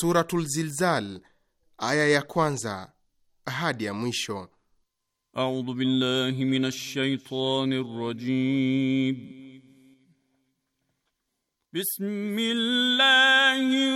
Suratul Zilzal aya ya kwanza hadi ya mwisho. A'udhu billahi minash shaitani rajim. Bismillahir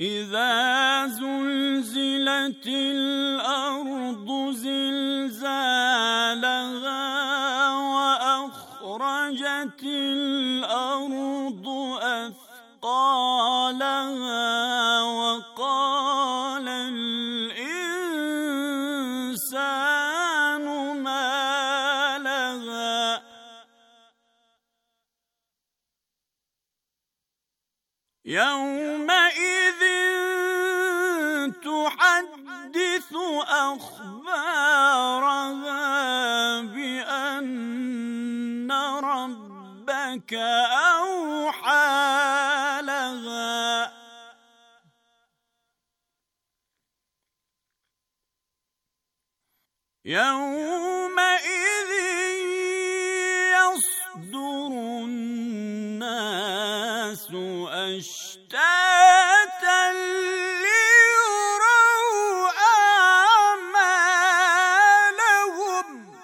إذا زلزلت الأرض زلزالها وأخرجت الأرض أثقالها يومئذ يصدر الناس أشتاتا ليروا أعمالهم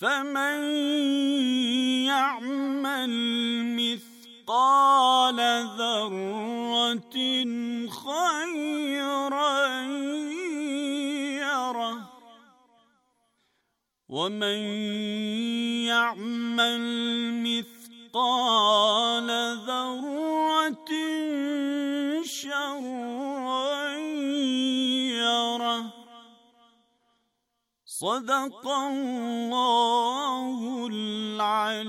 فمن يعمل مثقال ذره ومن يعمل مثقال ذره شرا يره صدق الله العلي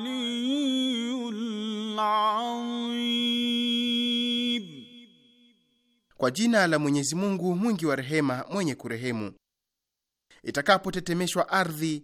العظيم kwa jina la mwenyezi mungu mwingi wa rehema mwenye kurehemu itakapotetemeshwa ardhi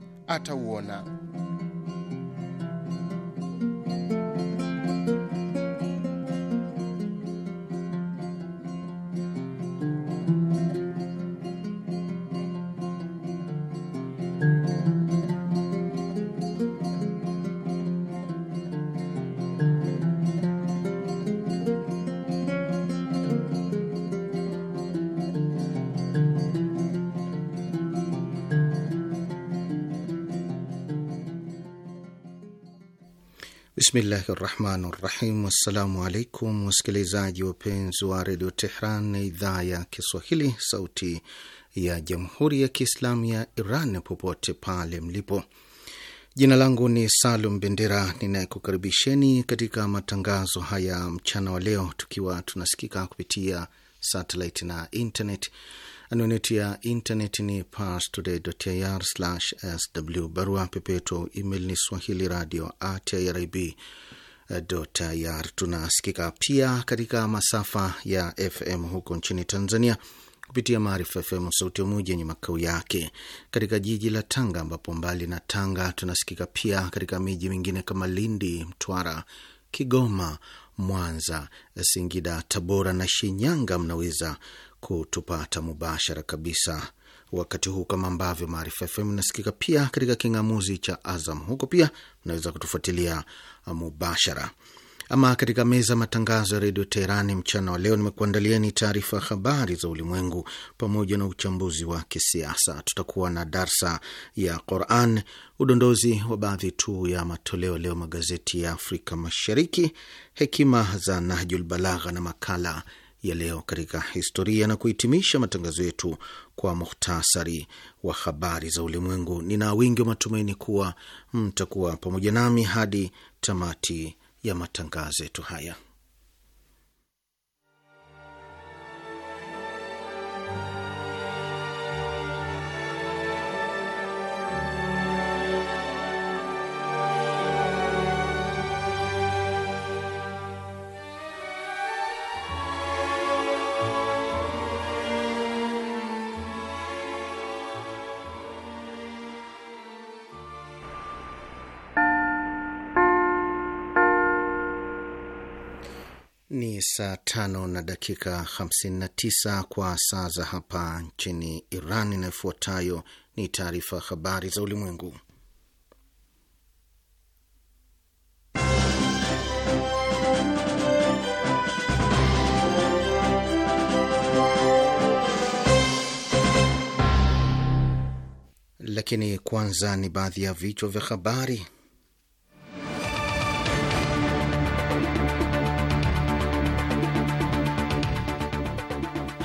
atauona. Bismillahi rahmani rahim. Assalamu alaikum wasikilizaji wapenzi wa redio Tehran na idhaa ya Kiswahili, sauti ya jamhuri ya Kiislamu ya Iran, popote pale mlipo. Jina langu ni Salum Bendera ninayekukaribisheni katika matangazo haya mchana wa leo, tukiwa tunasikika kupitia satellite na internet. Anwani ya internet ni parstoday.ir/sw, barua pepeto email ni swahili radio at irib ir. Tunasikika pia katika masafa ya FM huko nchini Tanzania kupitia Maarifa FM sauti ya Umoja yenye makao yake katika jiji la Tanga, ambapo mbali na Tanga tunasikika pia katika miji mingine kama Lindi, Mtwara, Kigoma, Mwanza, Singida, Tabora na Shinyanga, mnaweza kutupata mubashara kabisa wakati huu kama ambavyo Maarifa FM nasikika pia katika king'amuzi cha Azam. Huko pia mnaweza kutufuatilia mubashara. Ama katika meza ya matangazo ya redio Teherani mchana wa leo, nimekuandalieni taarifa ya habari za ulimwengu pamoja na uchambuzi wa kisiasa. Tutakuwa na darsa ya Quran, udondozi wa baadhi tu ya matoleo leo magazeti ya Afrika Mashariki, hekima za Nahjul Balagha na makala ya leo katika historia na kuhitimisha matangazo yetu kwa muhtasari wa habari za ulimwengu. Nina wingi wa matumaini kuwa mtakuwa pamoja nami hadi tamati ya matangazo yetu haya. saa tano na dakika 59 kwa saa za hapa nchini Iran. Inayofuatayo ni taarifa habari za ulimwengu, lakini kwanza ni baadhi ya vichwa vya habari.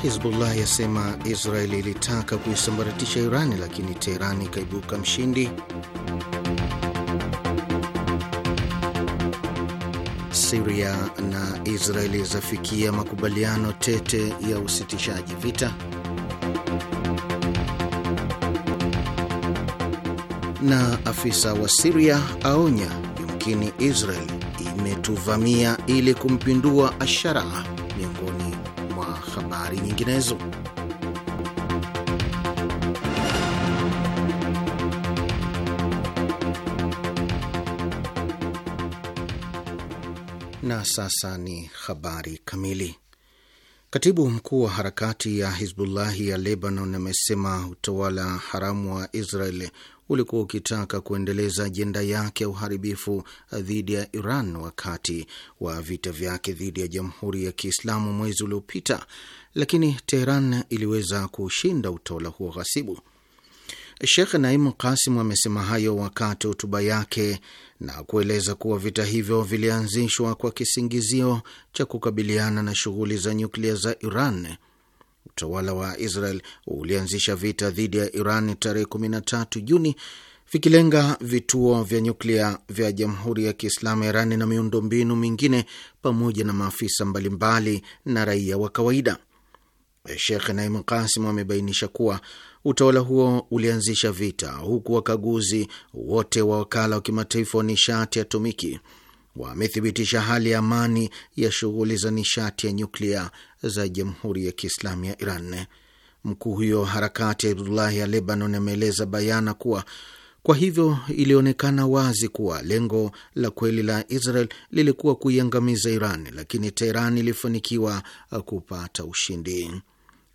Hizbullah yasema Israeli ilitaka kuisambaratisha Irani lakini Teherani ikaibuka mshindi. Siria na Israeli zafikia makubaliano tete ya usitishaji vita. Na afisa wa Siria aonya yumkini Israeli imetuvamia ili kumpindua Asharaa habari nyinginezo. Na sasa ni habari kamili. Katibu mkuu wa harakati ya Hizbullahi ya Lebanon amesema utawala haramu wa Israel ulikuwa ukitaka kuendeleza ajenda yake ya uharibifu dhidi ya Iran wakati wa vita vyake dhidi ya Jamhuri ya Kiislamu mwezi uliopita, lakini Teheran iliweza kushinda utawala huo ghasibu. Shekh Naimu Kasim amesema hayo wakati hotuba yake na kueleza kuwa vita hivyo vilianzishwa kwa kisingizio cha kukabiliana na shughuli za nyuklia za Iran Utawala wa Israel ulianzisha vita dhidi ya Iran tarehe 13 Juni, vikilenga vituo vya nyuklia vya Jamhuri ya Kiislamu ya Iran na miundombinu mingine pamoja na maafisa mbalimbali na raia wa kawaida. Shekh Naim Kasim amebainisha kuwa utawala huo ulianzisha vita huku wakaguzi wote wa wakala wa kimataifa wa nishati atomiki wamethibitisha hali ya amani ya shughuli za nishati ya nyuklia za Jamhuri ya Kiislamu ya Iran. Mkuu huyo harakati ya Hizbullahi ya Lebanon ameeleza bayana kuwa kwa hivyo ilionekana wazi kuwa lengo la kweli la Israel lilikuwa kuiangamiza Iran, lakini Teheran ilifanikiwa kupata ushindi.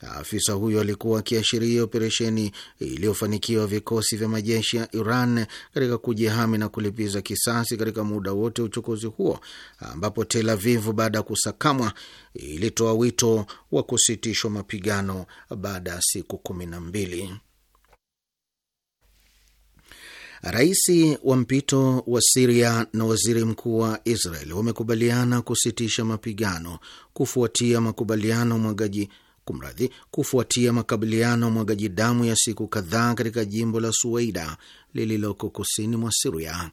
Afisa huyo alikuwa akiashiria operesheni iliyofanikiwa vikosi vya majeshi ya Iran katika kujihami na kulipiza kisasi katika muda wote wa uchokozi huo, ambapo Tel Avivu baada ya kusakamwa ilitoa wito wa kusitishwa mapigano baada ya siku kumi na mbili. Rais wa mpito wa Siria na waziri mkuu wa Israel wamekubaliana kusitisha mapigano kufuatia makubaliano mwagaji kumradhi, kufuatia makabiliano ya mwagaji damu ya siku kadhaa katika jimbo la Suweida lililoko kusini mwa Siria.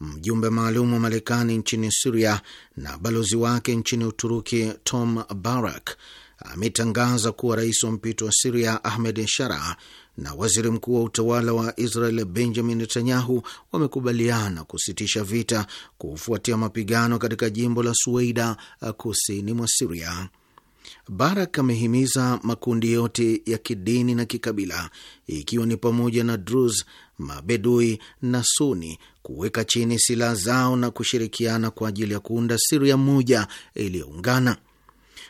Mjumbe maalum wa Marekani nchini Siria na balozi wake nchini Uturuki Tom Barak ametangaza kuwa rais wa mpito wa Siria Ahmed Shara na waziri mkuu wa utawala wa Israel Benjamin Netanyahu wamekubaliana kusitisha vita kufuatia mapigano katika jimbo la Suweida kusini mwa Siria. Barak amehimiza makundi yote ya kidini na kikabila ikiwa ni pamoja na drus Mabedui na Suni kuweka chini silaha zao na kushirikiana kwa ajili ya kuunda Siria moja iliyoungana.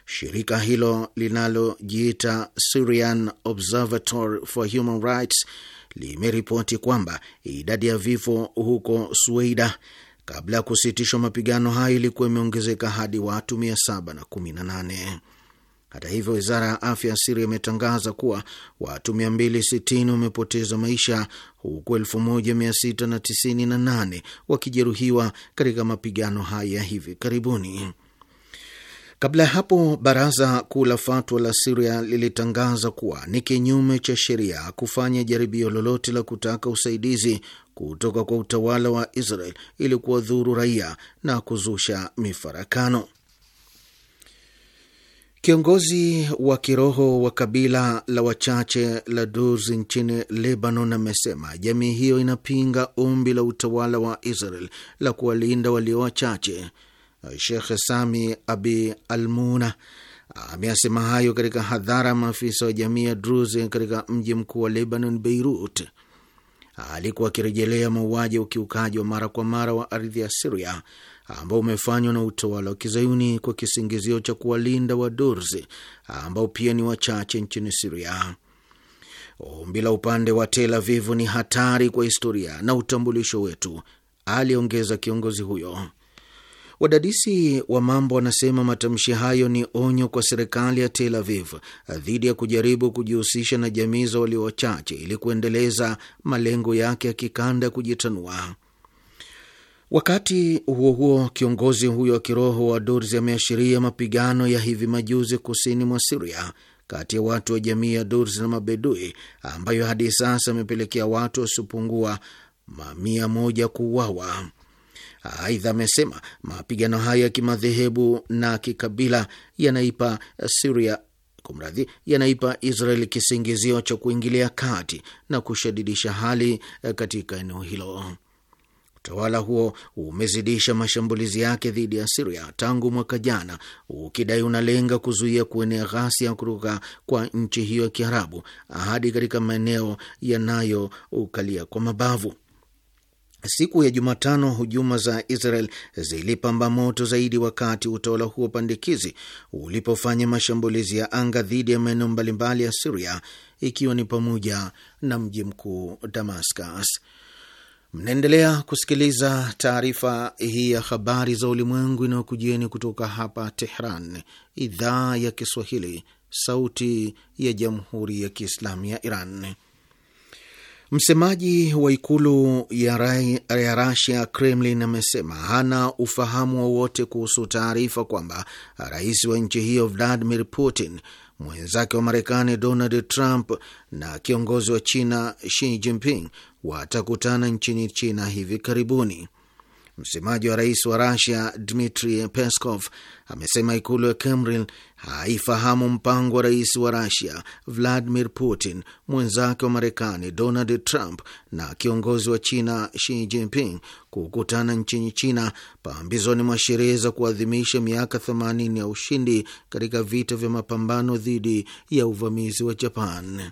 Shirika hilo linalojiita Syrian Observatory for Human Rights limeripoti kwamba idadi ya vifo huko Sueida kabla ya kusitishwa mapigano hayo ilikuwa imeongezeka hadi watu 718. Hata hivyo, wizara ya afya ya Siria imetangaza kuwa watu 260 wamepoteza maisha huku 1698 wakijeruhiwa katika mapigano haya ya hivi karibuni. Kabla ya hapo baraza kuu la fatwa la Siria lilitangaza kuwa ni kinyume cha sheria kufanya jaribio lolote la kutaka usaidizi kutoka kwa utawala wa Israel ili kuwadhuru raia na kuzusha mifarakano. Kiongozi wa kiroho wa kabila la wachache la Druze nchini Lebanon amesema jamii hiyo inapinga ombi la utawala wa Israel la kuwalinda walio wachache. Shekh Sami Abi Almuna ameasema hayo katika hadhara maafisa wa jamii ya Druze katika mji mkuu wa Lebanon, Beirut. Alikuwa akirejelea mauaji ya ukiukaji wa mara kwa mara wa ardhi ya Siria ambao umefanywa na utawala wa kizayuni kwa kisingizio cha kuwalinda Wadurzi ambao pia ni wachache nchini Siria. Ombi la upande wa Tel Avivu ni hatari kwa historia na utambulisho wetu, aliongeza kiongozi huyo. Wadadisi wa mambo wanasema matamshi hayo ni onyo kwa serikali ya Tel Aviv dhidi ya kujaribu kujihusisha na jamii za walio wachache ili kuendeleza malengo yake ya kikanda ya kujitanua. Wakati huo huo, kiongozi huyo wa kiroho wa Durzi ameashiria mapigano ya hivi majuzi kusini mwa Siria kati ya watu wa jamii ya durs na Mabedui ambayo hadi sasa amepelekea watu wasiopungua mamia moja kuuawa. Aidha, amesema mapigano haya ya kimadhehebu na kikabila yanaipa Siria kumradhi, yanaipa israel kisingizio cha kuingilia kati na kushadidisha hali katika eneo hilo. Utawala huo umezidisha mashambulizi yake dhidi ya Siria tangu mwaka jana, ukidai unalenga kuzuia kuenea ghasia kutoka kwa nchi hiyo ya Kiarabu hadi katika maeneo yanayoukalia kwa mabavu. Siku ya Jumatano, hujuma za Israel zilipamba moto zaidi wakati utawala huo pandikizi ulipofanya mashambulizi ya anga dhidi ya maeneo mbalimbali ya Siria, ikiwa ni pamoja na mji mkuu Damascus. Mnaendelea kusikiliza taarifa hii ya habari za ulimwengu inayokujieni kutoka hapa Tehran, idhaa ya Kiswahili, sauti ya jamhuri ya kiislamu ya Iran. Msemaji wa ikulu ya Rasia, Kremlin, amesema hana ufahamu wowote kuhusu taarifa kwamba rais wa nchi hiyo Vladimir Putin, mwenzake wa Marekani Donald Trump na kiongozi wa China Xi Jinping watakutana nchini China hivi karibuni. Msemaji wa rais wa Rasia Dmitri Peskov amesema ikulu ya Kremlin haifahamu mpango wa rais wa Rasia Vladimir Putin, mwenzake wa Marekani Donald Trump na kiongozi wa China Xi Jinping kukutana nchini China pambizoni mwa sherehe za kuadhimisha miaka 80 ya ushindi katika vita vya mapambano dhidi ya uvamizi wa Japan.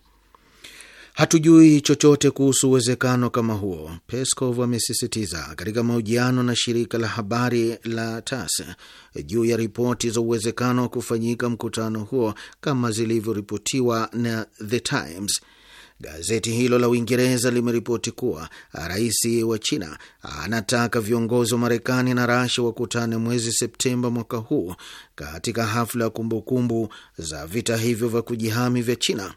Hatujui chochote kuhusu uwezekano kama huo, Peskov amesisitiza katika mahojiano na shirika la habari la tas juu ya ripoti za uwezekano wa kufanyika mkutano huo kama zilivyoripotiwa na The Times. Gazeti hilo la Uingereza limeripoti kuwa rais wa China anataka viongozi wa Marekani na rasha wakutane mwezi Septemba mwaka huu katika hafla ya kumbukumbu za vita hivyo vya kujihami vya China.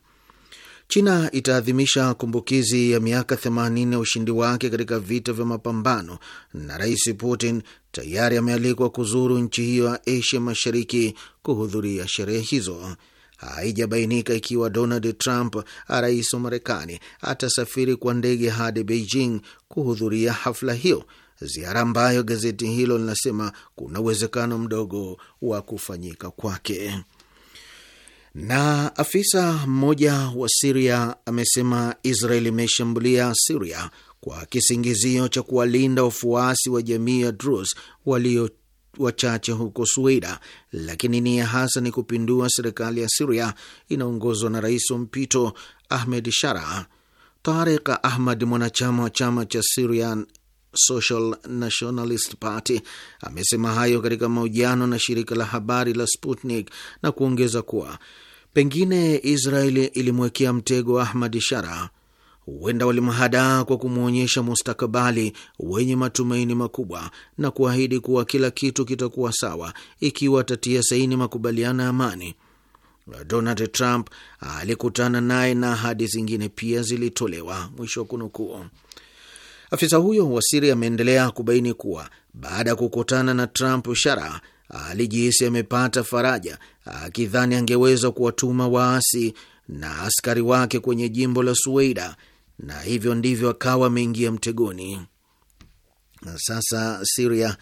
China itaadhimisha kumbukizi ya miaka 80 ya ushindi wake katika vita vya mapambano, na Rais Putin tayari amealikwa kuzuru nchi hiyo ya Asia Mashariki kuhudhuria sherehe hizo. Haijabainika ikiwa Donald Trump, rais wa Marekani, atasafiri kwa ndege hadi Beijing kuhudhuria hafla hiyo, ziara ambayo gazeti hilo linasema kuna uwezekano mdogo wa kufanyika kwake. Na afisa mmoja wa Siria amesema Israel imeshambulia Siria kwa kisingizio cha kuwalinda wafuasi wa jamii ya Drus walio wachache huko Sueida, lakini nia hasa ni kupindua serikali ya Siria inaongozwa na rais wa mpito Ahmed Shara. Tarik Ahmad, mwanachama wa chama cha Syrian Social Nationalist Party amesema hayo katika mahojiano na shirika la habari la Sputnik na kuongeza kuwa pengine Israeli ilimwekea mtego Ahmad Shara. Huenda walimhadaa kwa kumwonyesha mustakabali wenye matumaini makubwa na kuahidi kuwa kila kitu kitakuwa sawa ikiwa atatia saini makubaliano ya amani. Donald Trump alikutana naye na ahadi zingine pia zilitolewa. Mwisho wa kunukuu. Afisa huyo wa siri ameendelea kubaini kuwa baada ya kukutana na Trump Shara alijihisi amepata faraja, akidhani angeweza kuwatuma waasi na askari wake kwenye jimbo la Suweida, na hivyo ndivyo akawa ameingia mtegoni. Sasa Siria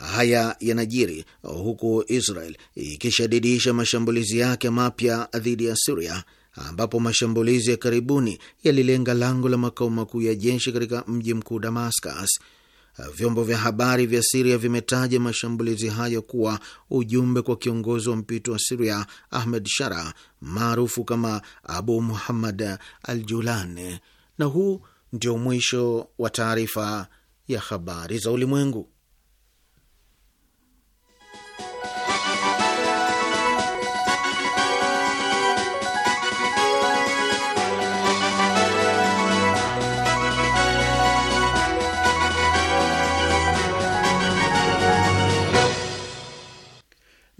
haya yanajiri huku Israel ikishadidisha mashambulizi yake mapya dhidi ya Siria ambapo mashambulizi ya karibuni yalilenga lango la makao makuu ya jeshi katika mji mkuu Damascus. Vyombo vya habari vya Siria vimetaja mashambulizi hayo kuwa ujumbe kwa kiongozi wa mpito wa Siria Ahmed Shara maarufu kama Abu Muhammad al Julani. Na huu ndio mwisho wa taarifa ya habari za ulimwengu.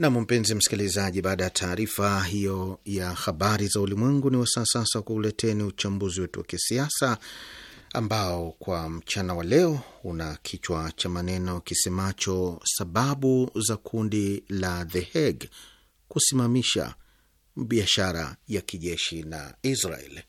Nam, mpenzi msikilizaji, baada ya taarifa hiyo ya habari za ulimwengu, ni wasaa sasa kuuleteni uchambuzi wetu wa kisiasa ambao kwa mchana wa leo una kichwa cha maneno kisemacho sababu za kundi la The Hague kusimamisha biashara ya kijeshi na Israel.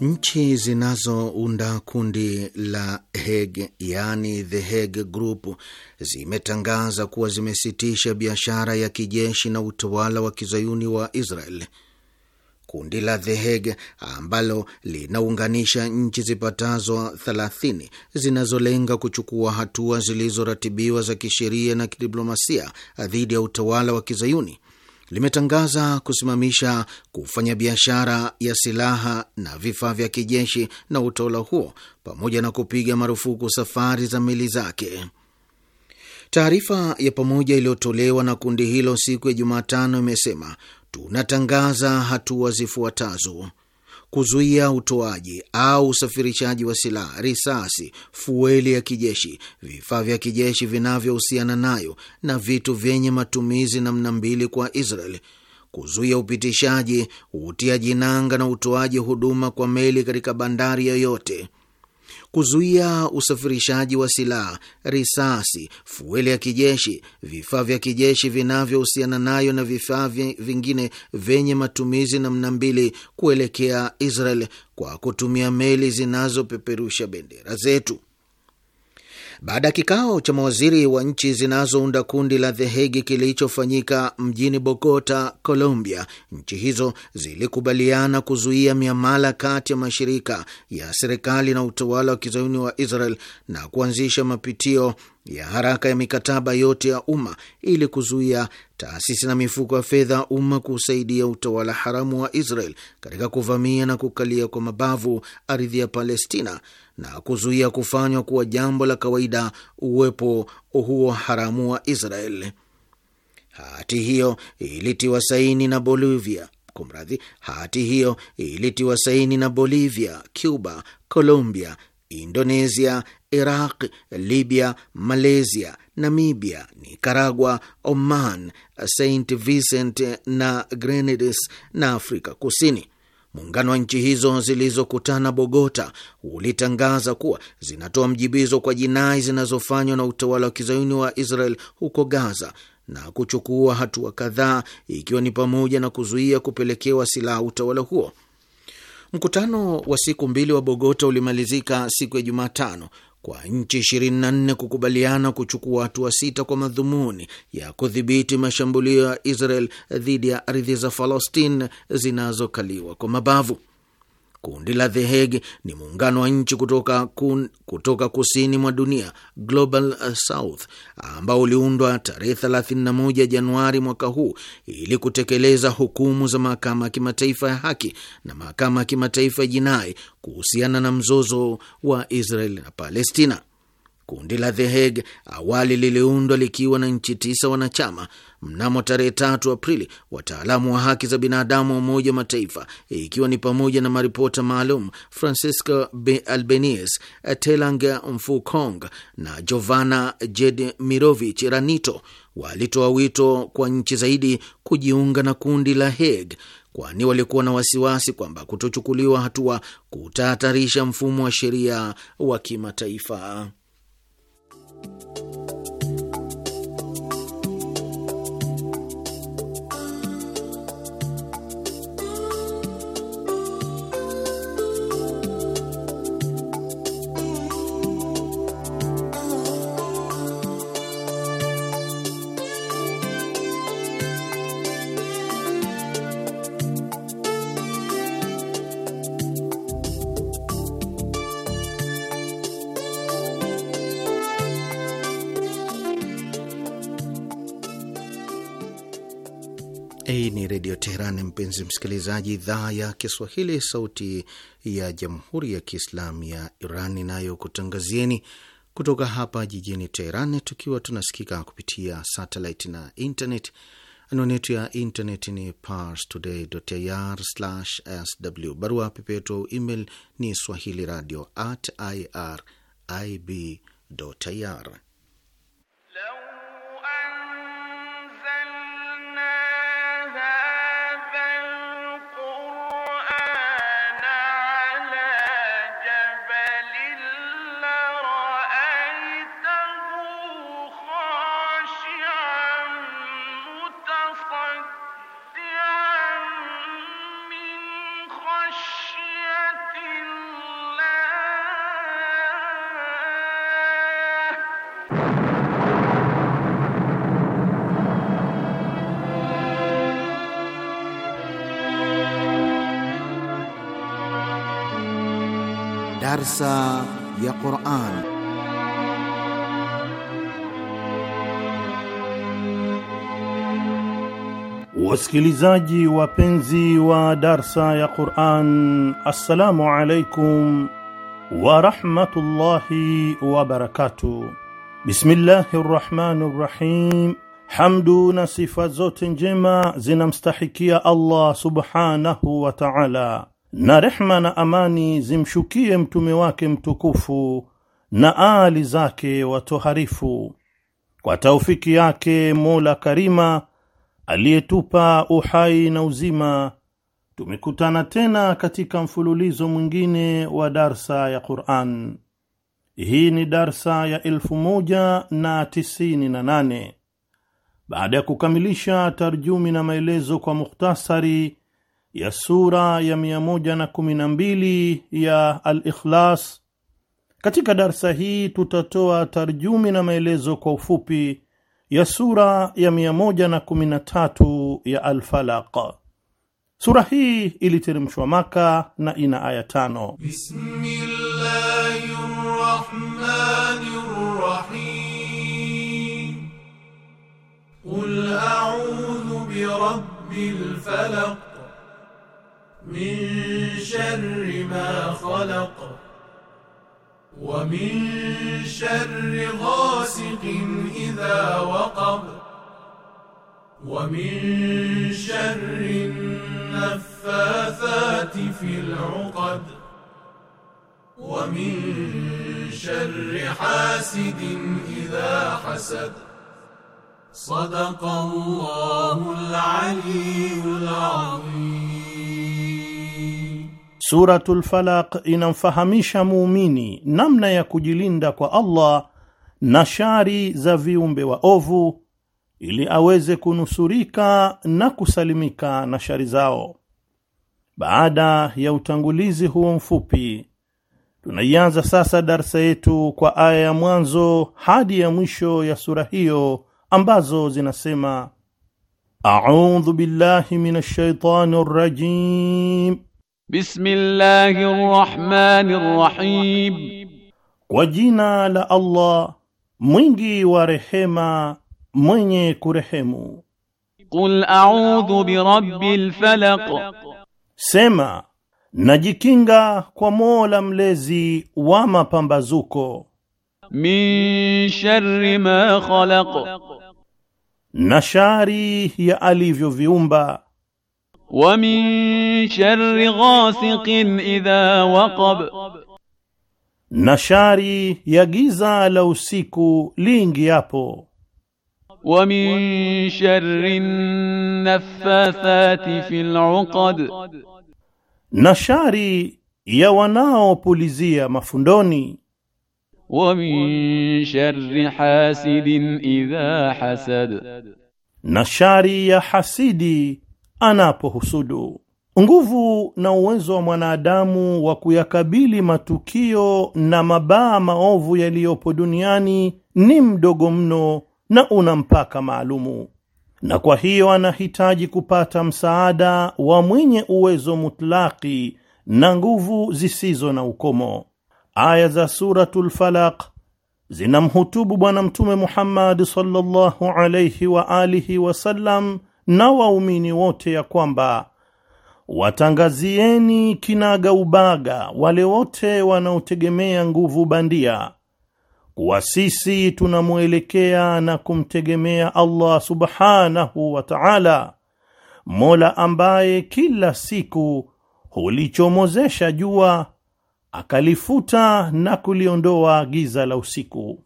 Nchi zinazounda kundi la Hague yaani The Hague Group zimetangaza kuwa zimesitisha biashara ya kijeshi na utawala wa kizayuni wa Israel. Kundi la The Hague ambalo linaunganisha nchi zipatazo 30 zinazolenga kuchukua hatua zilizoratibiwa za kisheria na kidiplomasia dhidi ya utawala wa kizayuni limetangaza kusimamisha kufanya biashara ya silaha na vifaa vya kijeshi na utawala huo pamoja na kupiga marufuku safari za meli zake. Taarifa ya pamoja iliyotolewa na kundi hilo siku ya Jumatano imesema tunatangaza hatua zifuatazo: kuzuia utoaji au usafirishaji wa silaha, risasi, fueli ya kijeshi, vifaa vya kijeshi vinavyohusiana nayo na vitu vyenye matumizi namna mbili kwa Israel, kuzuia upitishaji, utiaji nanga na utoaji huduma kwa meli katika bandari yoyote kuzuia usafirishaji wa silaha, risasi, fueli ya kijeshi, vifaa vya kijeshi vinavyohusiana nayo na vifaa vingine vyenye matumizi namna mbili kuelekea Israel kwa kutumia meli zinazopeperusha bendera zetu. Baada ya kikao cha mawaziri wa nchi zinazounda kundi la The Hague kilichofanyika mjini Bogota, Colombia, nchi hizo zilikubaliana kuzuia miamala kati ya mashirika ya serikali na utawala wa kizayuni wa Israel na kuanzisha mapitio ya haraka ya mikataba yote ya umma ili kuzuia taasisi na mifuko ya fedha ya umma kusaidia utawala haramu wa Israel katika kuvamia na kukalia kwa mabavu ardhi ya Palestina na kuzuia kufanywa kuwa jambo la kawaida uwepo huo haramu wa Israel. Hati hiyo ilitiwa saini na Bolivia, kumradhi, hati hiyo ilitiwa saini na Bolivia, Cuba, Colombia, Indonesia, Iraq, Libya, Malaysia, Namibia, Nicaragua, Oman, St Vincent na Grenadines na Afrika Kusini. Muungano wa nchi hizo zilizokutana Bogota ulitangaza kuwa zinatoa mjibizo kwa jinai zinazofanywa na utawala wa kizayuni wa Israel huko Gaza na kuchukua hatua kadhaa ikiwa ni pamoja na kuzuia kupelekewa silaha utawala huo. Mkutano wa siku mbili wa Bogota ulimalizika siku ya Jumatano kwa nchi 24 kukubaliana kuchukua hatua sita kwa madhumuni ya kudhibiti mashambulio ya Israel dhidi ya ardhi za Falastin zinazokaliwa kwa mabavu. Kundi la The Hague ni muungano wa nchi kutoka, kun, kutoka kusini mwa dunia Global South ambao uliundwa tarehe 31 Januari mwaka huu ili kutekeleza hukumu za mahakama ya kimataifa ya haki na mahakama ya kimataifa ya jinai kuhusiana na mzozo wa Israel na Palestina. Kundi la The Hague awali liliundwa likiwa na nchi tisa wanachama Mnamo tarehe tatu Aprili, wataalamu wa haki za binadamu wa Umoja wa Mataifa, ikiwa ni pamoja na maripota maalum Francisco Albanese, Telang Mfukong na Jovana Jedmirovich Ranito walitoa wito kwa nchi zaidi kujiunga na kundi la Hague kwani walikuwa na wasiwasi kwamba kutochukuliwa hatua kutahatarisha mfumo wa sheria wa kimataifa. Hii ni Redio Teheran, mpenzi msikilizaji, idhaa ya Kiswahili, sauti ya Jamhuri ya Kiislamu ya Iran inayokutangazieni kutoka hapa jijini Teheran, tukiwa tunasikika kupitia satellite na internet. Anwani yetu ya internet ni parstoday.ir/sw, barua pepe yetu email ni swahili radio at irib.ir Wasikilizaji wapenzi wa darsa ya Qur'an, assalamu alaikum wa rahmatullahi wa barakatuh. Rahim. Hamdu na sifa zote njema zinamstahikia Allah subhanahu wa ta'ala, na rehma na amani zimshukie mtume wake mtukufu na ali zake watoharifu. Kwa taufiki yake Mola Karima aliyetupa uhai na uzima, tumekutana tena katika mfululizo mwingine wa darsa ya Qur'an. Hii ni darsa ya elfu moja na tisini na nane baada ya kukamilisha tarjumi na maelezo kwa mukhtasari ya sura ya 112 ya Al-Ikhlas. Katika darsa hii tutatoa tarjumi na maelezo kwa ufupi ya sura ya mia na kumi ya Alfalaq. Sura hii iliteremshwa Maka na ina aya tano. Bismillahirrahmanirrahim Qul a'udhu bi birabbil falaq min sharri ma khalaq ومن شر غاسق إذا وقب ومن شر النفاثات في العقد ومن شر حاسد إذا حسد صدق الله العلي العظيم Suratul Falaq inamfahamisha muumini namna ya kujilinda kwa Allah na shari za viumbe wa ovu ili aweze kunusurika na kusalimika na shari zao. Baada ya utangulizi huo mfupi, tunaianza sasa darsa yetu kwa aya ya mwanzo hadi ya mwisho ya sura hiyo ambazo zinasema: audhu billahi minash shaitani rajim Bismillahir Rahmanir Rahim, kwa jina la Allah mwingi wa rehema mwenye kurehemu. Qul a'udhu bi rabbil falaq, sema najikinga kwa Mola mlezi wa mapambazuko. Min sharri ma khalaq, na shari ya alivyoviumba ومن شر غاسق إذا وقب نشاري يجيزا لو سيكو لينجيابو ومن شر النفاثات في العقد نشاري يا وناو بوليزيا مفندوني ومن شر حاسد إذا حسد نشاري يا حسيدي anapohusudu. Nguvu na uwezo wa mwanadamu wa kuyakabili matukio na mabaa maovu yaliyopo duniani ni mdogo mno na una mpaka maalumu, na kwa hiyo anahitaji kupata msaada wa mwenye uwezo mutlaki na nguvu zisizo na ukomo. Aya za Suratul Falaq zinamhutubu Bwana Mtume Muhammad sallallahu alayhi wa alihi wasallam na waumini wote ya kwamba watangazieni kinaga ubaga wale wote wanaotegemea nguvu bandia kuwa sisi tunamwelekea na kumtegemea Allah subhanahu wa ta'ala, Mola ambaye kila siku hulichomozesha jua akalifuta na kuliondoa giza la usiku.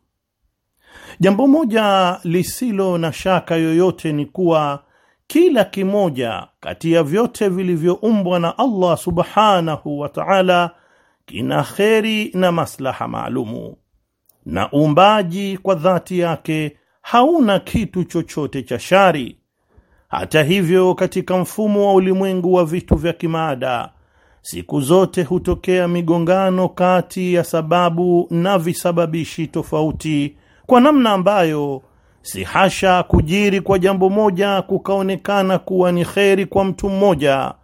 Jambo moja lisilo na shaka yoyote ni kuwa kila kimoja kati ya vyote vilivyoumbwa na Allah subhanahu wa ta'ala kina kheri na maslaha maalumu, na uumbaji kwa dhati yake hauna kitu chochote cha shari. Hata hivyo, katika mfumo wa ulimwengu wa vitu vya kimaada, siku zote hutokea migongano kati ya sababu na visababishi tofauti, kwa namna ambayo Si hasha kujiri kwa jambo moja kukaonekana kuwa ni kheri kwa mtu mmoja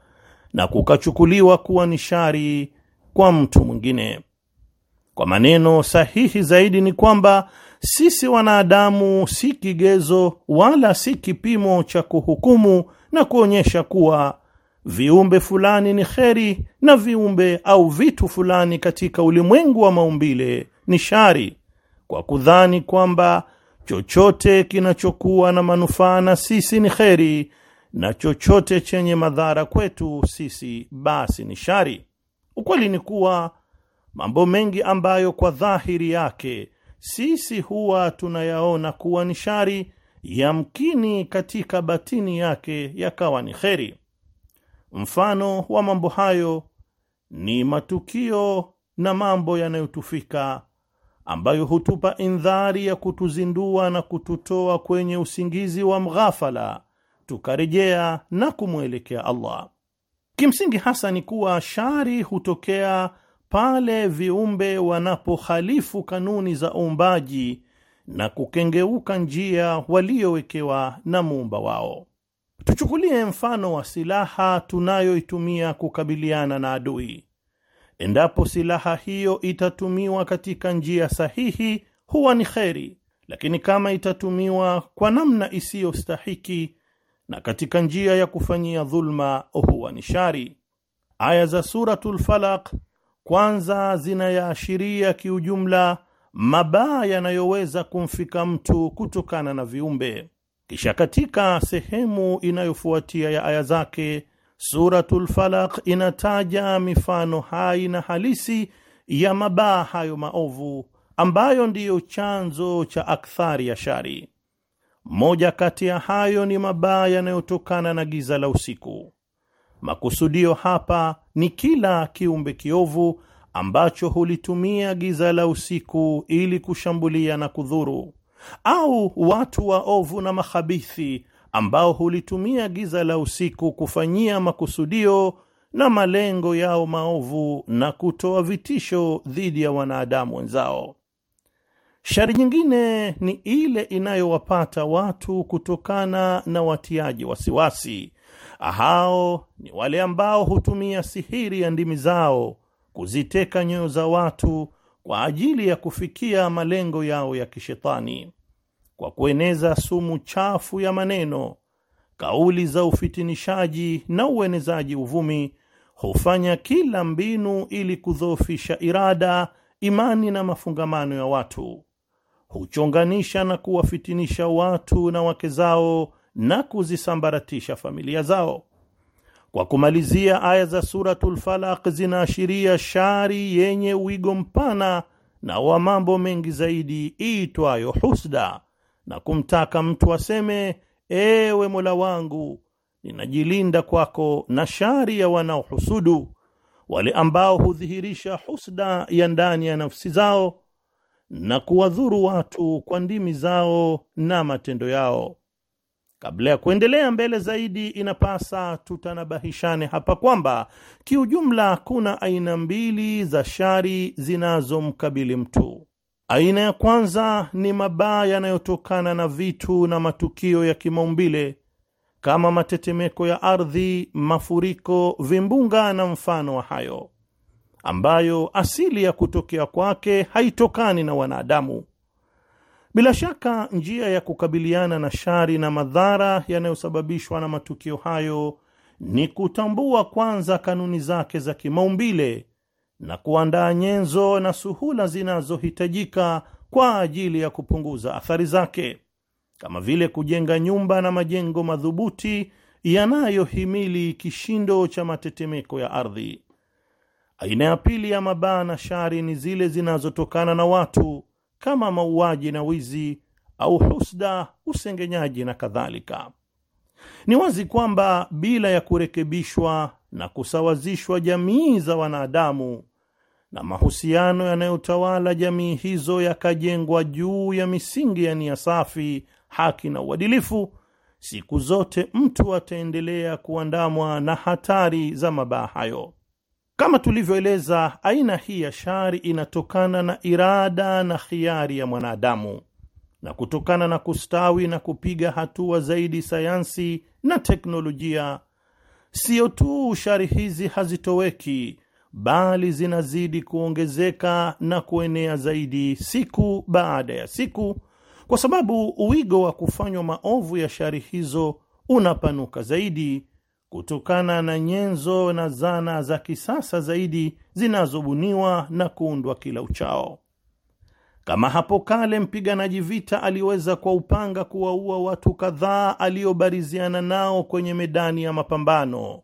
na kukachukuliwa kuwa ni shari kwa mtu mwingine. Kwa maneno sahihi zaidi ni kwamba sisi wanadamu si kigezo wala si kipimo cha kuhukumu na kuonyesha kuwa viumbe fulani ni kheri na viumbe au vitu fulani katika ulimwengu wa maumbile ni shari, kwa kudhani kwamba chochote kinachokuwa na manufaa na sisi ni kheri, na chochote chenye madhara kwetu sisi basi ni shari. Ukweli ni kuwa mambo mengi ambayo kwa dhahiri yake sisi huwa tunayaona kuwa ni shari, yamkini katika batini yake yakawa ni kheri. Mfano wa mambo hayo ni matukio na mambo yanayotufika ambayo hutupa indhari ya kutuzindua na kututoa kwenye usingizi wa mghafala, tukarejea na kumwelekea Allah. Kimsingi hasa ni kuwa shari hutokea pale viumbe wanapohalifu kanuni za uumbaji na kukengeuka njia waliowekewa na muumba wao. Tuchukulie mfano wa silaha tunayoitumia kukabiliana na adui. Endapo silaha hiyo itatumiwa katika njia sahihi, huwa ni kheri, lakini kama itatumiwa kwa namna isiyostahiki na katika njia ya kufanyia dhulma, huwa ni shari. Aya za Suratul Falaq kwanza zinayaashiria kiujumla mabaya yanayoweza kumfika mtu kutokana na viumbe, kisha katika sehemu inayofuatia ya aya zake Suratul Falaq inataja mifano hai na halisi ya mabaa hayo maovu ambayo ndiyo chanzo cha akthari ya shari. Moja kati ya hayo ni mabaa yanayotokana na giza la usiku. Makusudio hapa ni kila kiumbe kiovu ambacho hulitumia giza la usiku ili kushambulia na kudhuru, au watu waovu na makhabithi ambao hulitumia giza la usiku kufanyia makusudio na malengo yao maovu na kutoa vitisho dhidi ya wanadamu wenzao. Shari nyingine ni ile inayowapata watu kutokana na watiaji wasiwasi. Hao ni wale ambao hutumia sihiri ya ndimi zao kuziteka nyoyo za watu kwa ajili ya kufikia malengo yao ya kishetani kwa kueneza sumu chafu ya maneno, kauli za ufitinishaji na uenezaji uvumi, hufanya kila mbinu ili kudhoofisha irada, imani na mafungamano ya watu, huchonganisha na kuwafitinisha watu na wake zao na kuzisambaratisha familia zao. Kwa kumalizia, aya za Suratul Falaq zinaashiria shari yenye wigo mpana na wa mambo mengi zaidi iitwayo husda na kumtaka mtu aseme, ewe Mola wangu, ninajilinda kwako na shari ya wanaohusudu, wale ambao hudhihirisha husda ya ndani ya nafsi zao na kuwadhuru watu kwa ndimi zao na matendo yao. Kabla ya kuendelea mbele zaidi, inapasa tutanabahishane hapa kwamba kiujumla kuna aina mbili za shari zinazomkabili mtu. Aina ya kwanza ni mabaya yanayotokana na vitu na matukio ya kimaumbile kama matetemeko ya ardhi, mafuriko, vimbunga na mfano wa hayo, ambayo asili ya kutokea kwake haitokani na wanadamu. Bila shaka njia ya kukabiliana na shari na madhara yanayosababishwa na matukio hayo ni kutambua kwanza kanuni zake za kimaumbile na kuandaa nyenzo na suhula zinazohitajika kwa ajili ya kupunguza athari zake, kama vile kujenga nyumba na majengo madhubuti yanayohimili kishindo cha matetemeko ya ardhi. Aina ya pili ya mabaa na shari ni zile zinazotokana na watu kama mauaji na wizi au husda, usengenyaji na kadhalika. Ni wazi kwamba bila ya kurekebishwa na kusawazishwa jamii za wanadamu na mahusiano yanayotawala jamii hizo yakajengwa juu ya misingi ya nia safi, haki na uadilifu, siku zote mtu ataendelea kuandamwa na hatari za mabaa hayo. Kama tulivyoeleza, aina hii ya shari inatokana na irada na hiari ya mwanadamu, na kutokana na kustawi na kupiga hatua zaidi sayansi na teknolojia Siyo tu shari hizi hazitoweki, bali zinazidi kuongezeka na kuenea zaidi siku baada ya siku, kwa sababu uwigo wa kufanywa maovu ya shari hizo unapanuka zaidi kutokana na nyenzo na zana za kisasa zaidi zinazobuniwa na kuundwa kila uchao. Kama hapo kale mpiganaji vita aliweza kwa upanga kuwaua watu kadhaa aliobariziana nao kwenye medani ya mapambano,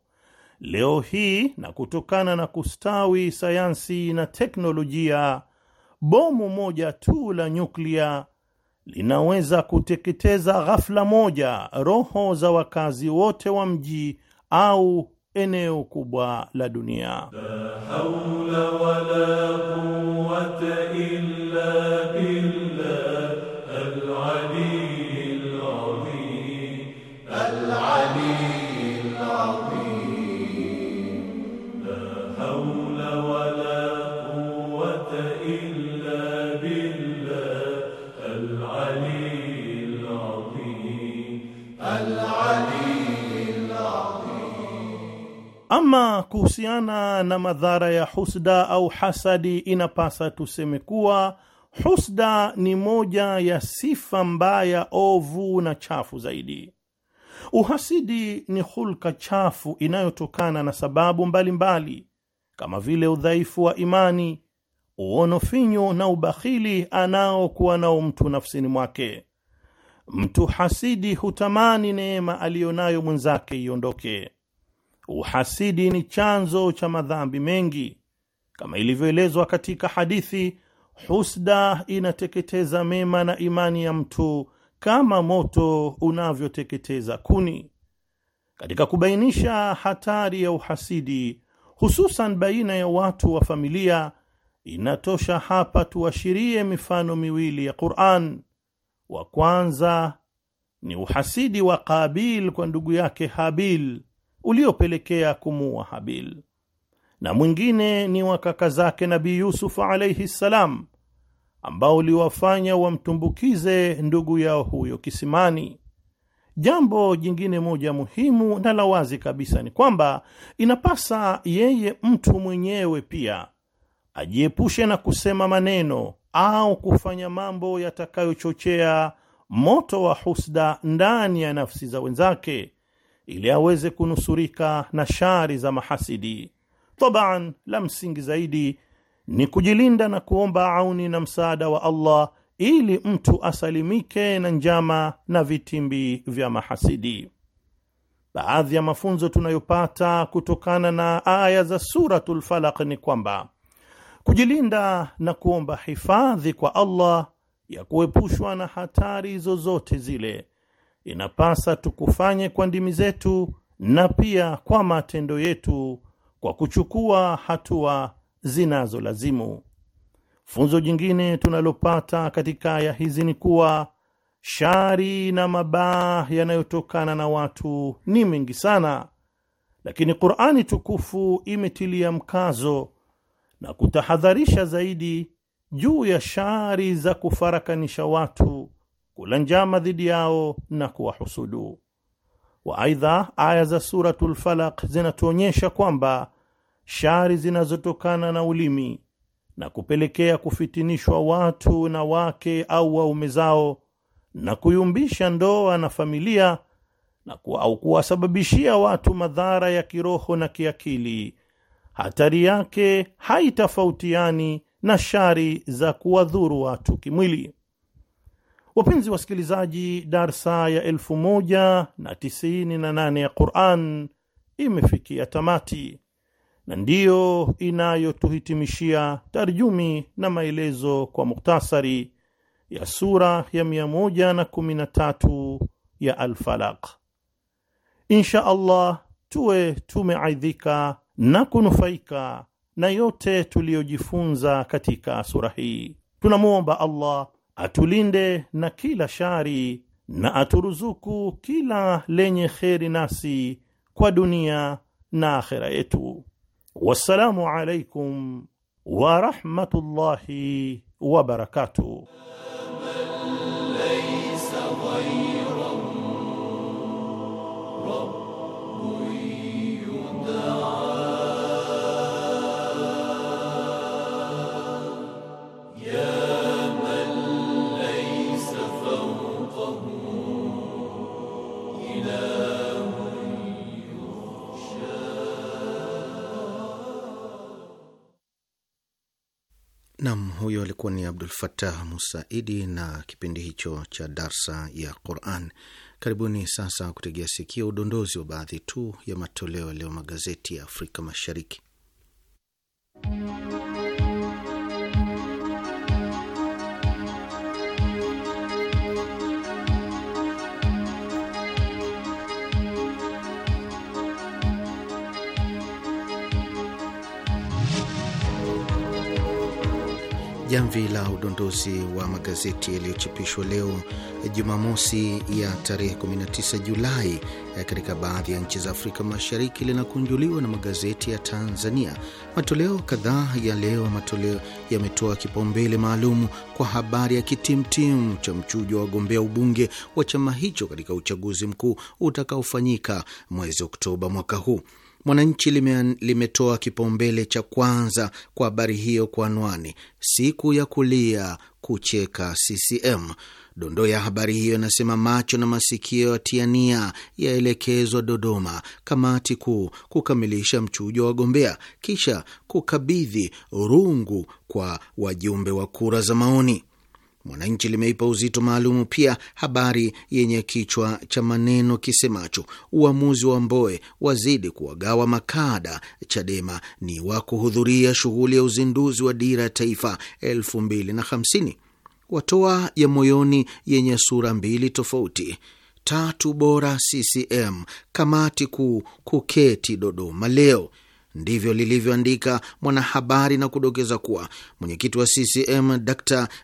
leo hii na kutokana na kustawi sayansi na teknolojia, bomu moja tu la nyuklia linaweza kuteketeza ghafla moja roho za wakazi wote wa mji au eneo kubwa la dunia. La haula wala quwwata illa billah. Ama kuhusiana na madhara ya husda au hasadi, inapasa tuseme kuwa husda ni moja ya sifa mbaya, ovu na chafu zaidi. Uhasidi ni hulka chafu inayotokana na sababu mbalimbali mbali, kama vile udhaifu wa imani, uono finyo na ubakhili anaokuwa nao mtu nafsini mwake. Mtu hasidi hutamani neema aliyonayo mwenzake iondoke. Uhasidi ni chanzo cha madhambi mengi, kama ilivyoelezwa katika hadithi, husda inateketeza mema na imani ya mtu kama moto unavyoteketeza kuni. Katika kubainisha hatari ya uhasidi, hususan baina ya watu wa familia, inatosha hapa tuashirie mifano miwili ya Qur'an. Wa kwanza ni uhasidi wa Qabil kwa ndugu yake Habil uliopelekea kumuua Habil, na mwingine ni wa kaka zake Nabii Yusuf alaihi ssalam, ambao uliwafanya wamtumbukize ndugu yao huyo kisimani. Jambo jingine moja muhimu na la wazi kabisa ni kwamba inapasa yeye mtu mwenyewe pia ajiepushe na kusema maneno au kufanya mambo yatakayochochea moto wa husda ndani ya nafsi za wenzake ili aweze kunusurika na shari za mahasidi. Taban, la msingi zaidi ni kujilinda na kuomba auni na msaada wa Allah ili mtu asalimike na njama na vitimbi vya mahasidi. Baadhi ya mafunzo tunayopata kutokana na aya za Suratul Falaq ni kwamba kujilinda na kuomba hifadhi kwa Allah ya kuepushwa na hatari zozote zile inapasa tukufanye kwa ndimi zetu na pia kwa matendo yetu kwa kuchukua hatua zinazolazimu. Funzo jingine tunalopata katika aya hizi ni kuwa shari na mabaa yanayotokana na watu ni mengi sana, lakini Qur'ani tukufu imetilia mkazo na kutahadharisha zaidi juu ya shari za kufarakanisha watu kula njama dhidi yao na kuwahusudu wa. Aidha, aya za Suratul Falaq zinatuonyesha kwamba shari zinazotokana na ulimi na kupelekea kufitinishwa watu na wake au waume zao na kuyumbisha ndoa na familia na ku, au kuwasababishia watu madhara ya kiroho na kiakili, hatari yake haitofautiani na shari za kuwadhuru watu kimwili. Wapenzi wasikilizaji, darsa ya elfu moja na tisini na nane ya Quran imefikia tamati na ndiyo inayotuhitimishia tarjumi na maelezo kwa muktasari ya sura ya 113 ya Alfalaq. Insha Allah tuwe tumeaidhika na kunufaika na yote tuliyojifunza katika sura hii. Tunamwomba Allah atulinde na kila shari na aturuzuku kila lenye kheri nasi kwa dunia na akhera yetu. Wassalamu alaikum warahmatullahi wabarakatuh. Nam, huyo alikuwa ni Abdul fatah Musaidi na kipindi hicho cha darsa ya Quran. Karibuni sasa kutegea sikia udondozi wa baadhi tu ya matoleo yaliyo magazeti ya Afrika Mashariki. jamvi la udondozi wa magazeti yaliyochapishwa leo Jumamosi ya tarehe 19 Julai katika baadhi ya nchi za Afrika Mashariki linakunjuliwa na magazeti ya Tanzania. Matoleo kadhaa ya leo matoleo yametoa kipaumbele maalum kwa habari ya kitimtimu cha mchujo wa wagombea ubunge wa chama hicho katika uchaguzi mkuu utakaofanyika mwezi Oktoba mwaka huu. Mwananchi limetoa kipaumbele cha kwanza kwa habari hiyo kwa anwani siku ya kulia kucheka CCM. Dondoo ya habari hiyo inasema macho na masikio ya tiania yaelekezwa Dodoma, kamati kuu kukamilisha mchujo wa wagombea, kisha kukabidhi rungu kwa wajumbe wa kura za maoni. Mwananchi limeipa uzito maalumu pia habari yenye kichwa cha maneno kisemacho uamuzi wa Mboe wazidi kuwagawa makada, Chadema ni wa kuhudhuria shughuli ya uzinduzi wa dira ya taifa 2050 watoa ya moyoni yenye sura mbili tofauti tatu bora CCM kamati kuu kuketi Dodoma leo. Ndivyo lilivyoandika Mwanahabari na kudokeza kuwa mwenyekiti wa CCM d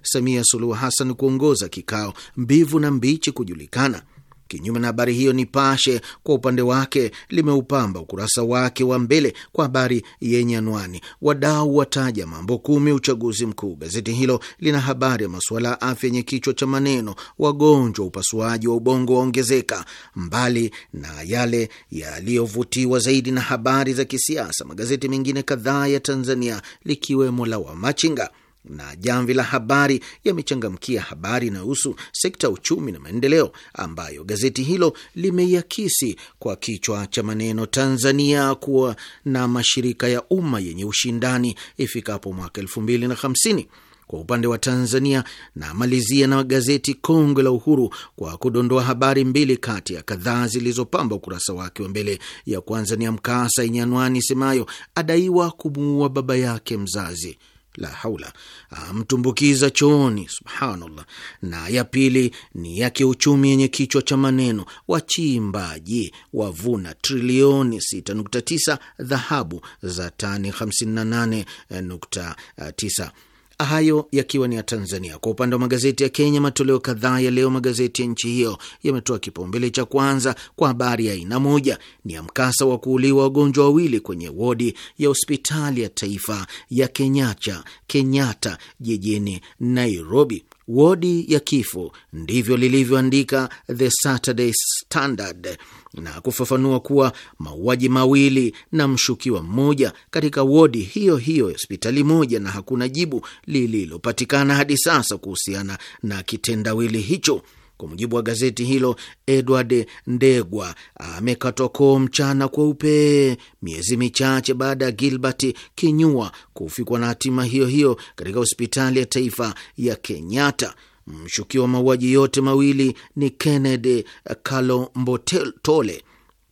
Samia Suluhu Hassan kuongoza kikao mbivu na mbichi kujulikana Kinyume na habari hiyo, Nipashe kwa upande wake limeupamba ukurasa wake wa mbele kwa habari yenye anwani wadau wataja mambo kumi uchaguzi mkuu. Gazeti hilo lina habari ya masuala ya afya yenye kichwa cha maneno wagonjwa upasuaji wa ubongo waongezeka. Mbali na yale yaliyovutiwa zaidi na habari za kisiasa, magazeti mengine kadhaa ya Tanzania likiwemo la Wamachinga na Jamvi la Habari yamechangamkia habari inayohusu sekta ya uchumi na maendeleo, ambayo gazeti hilo limeiakisi kwa kichwa cha maneno, Tanzania kuwa na mashirika ya umma yenye ushindani ifikapo mwaka elfu mbili na hamsini. Kwa upande wa Tanzania na malizia na gazeti kongwe la Uhuru kwa kudondoa habari mbili kati ya kadhaa zilizopamba ukurasa wake wa mbele. Ya kwanza ni ya mkasa yenye anwani semayo adaiwa kumuua baba yake mzazi la haula, amtumbukiza ah, chooni, subhanallah. Na ya pili ni ya kiuchumi yenye kichwa cha maneno wachimbaji wavuna trilioni 6.9 dhahabu za tani 58.9 Hayo yakiwa ni ya Tanzania. Kwa upande wa magazeti ya Kenya, matoleo kadhaa ya leo magazeti ya nchi hiyo yametoa kipaumbele cha kwanza kwa habari ya aina moja, ni ya mkasa wa kuuliwa wagonjwa wawili kwenye wodi ya hospitali ya taifa ya kenyacha Kenyatta jijini Nairobi. Wodi ya kifo, ndivyo lilivyoandika The Saturday Standard na kufafanua kuwa mauaji mawili na mshukiwa mmoja katika wodi hiyo hiyo hospitali moja, na hakuna jibu lililopatikana hadi sasa kuhusiana na kitendawili hicho. Kwa mujibu wa gazeti hilo, Edward Ndegwa amekatwa koo mchana kweupe, miezi michache baada ya Gilbert Kinyua kufikwa na hatima hiyo hiyo katika hospitali ya taifa ya Kenyatta. Mshukiwa wa mauaji yote mawili ni Kennedy kalombotole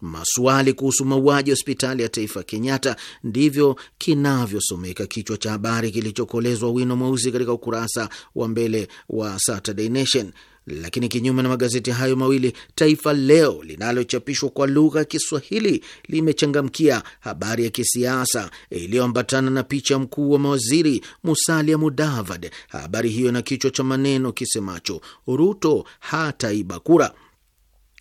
Maswali kuhusu mauaji hospitali ya taifa Kenyatta, ndivyo kinavyosomeka kichwa cha habari kilichokolezwa wino mweusi katika ukurasa wa mbele wa Saturday Nation. Lakini kinyume na magazeti hayo mawili, Taifa Leo linalochapishwa kwa lugha ya Kiswahili limechangamkia habari ya kisiasa iliyoambatana na picha mkuu wa mawaziri Musalia Mudavadi. Habari hiyo na kichwa cha maneno kisemacho Ruto hataiba kura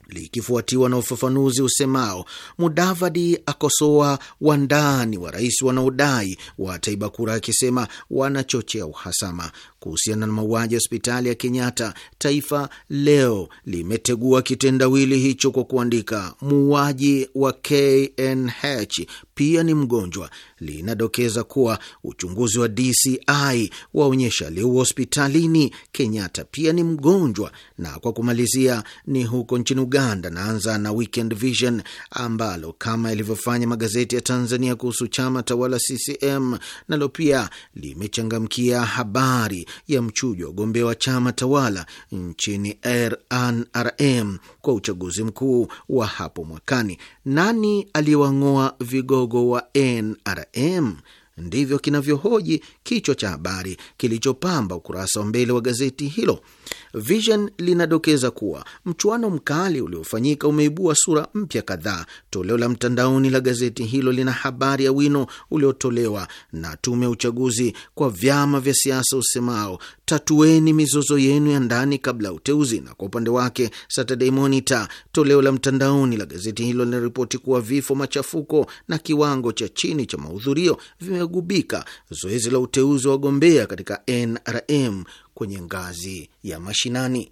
likifuatiwa na ufafanuzi usemao Mudavadi akosoa wandani wa rais wanaodai wataiba kura, akisema wanachochea uhasama kuhusiana na mauaji ya hospitali ya Kenyatta, Taifa Leo limetegua kitendawili hicho kwa kuandika muuaji wa KNH pia ni mgonjwa. Linadokeza kuwa uchunguzi wa DCI waonyesha aliyeua hospitalini Kenyatta pia ni mgonjwa. Na kwa kumalizia ni huko nchini Uganda. Naanza na Weekend Vision ambalo kama ilivyofanya magazeti ya Tanzania kuhusu chama tawala CCM, nalo pia limechangamkia habari ya mchujo wagombea wa chama tawala nchini rnrm kwa uchaguzi mkuu wa hapo mwakani. Nani aliyewang'oa vigogo wa NRM? Ndivyo kinavyohoji kichwa cha habari kilichopamba ukurasa wa mbele wa gazeti hilo. Vision linadokeza kuwa mchuano mkali uliofanyika umeibua sura mpya kadhaa. Toleo la mtandaoni la gazeti hilo lina habari ya wino uliotolewa na tume ya uchaguzi kwa vyama vya siasa usemao tatueni mizozo yenu ya ndani kabla ya uteuzi. Na kwa upande wake Saturday Monitor, toleo la mtandaoni la gazeti hilo linaripoti kuwa vifo, machafuko na kiwango cha chini cha mahudhurio vimegubika zoezi la uteuzi wa wagombea katika NRM kwenye ngazi ya mashinani.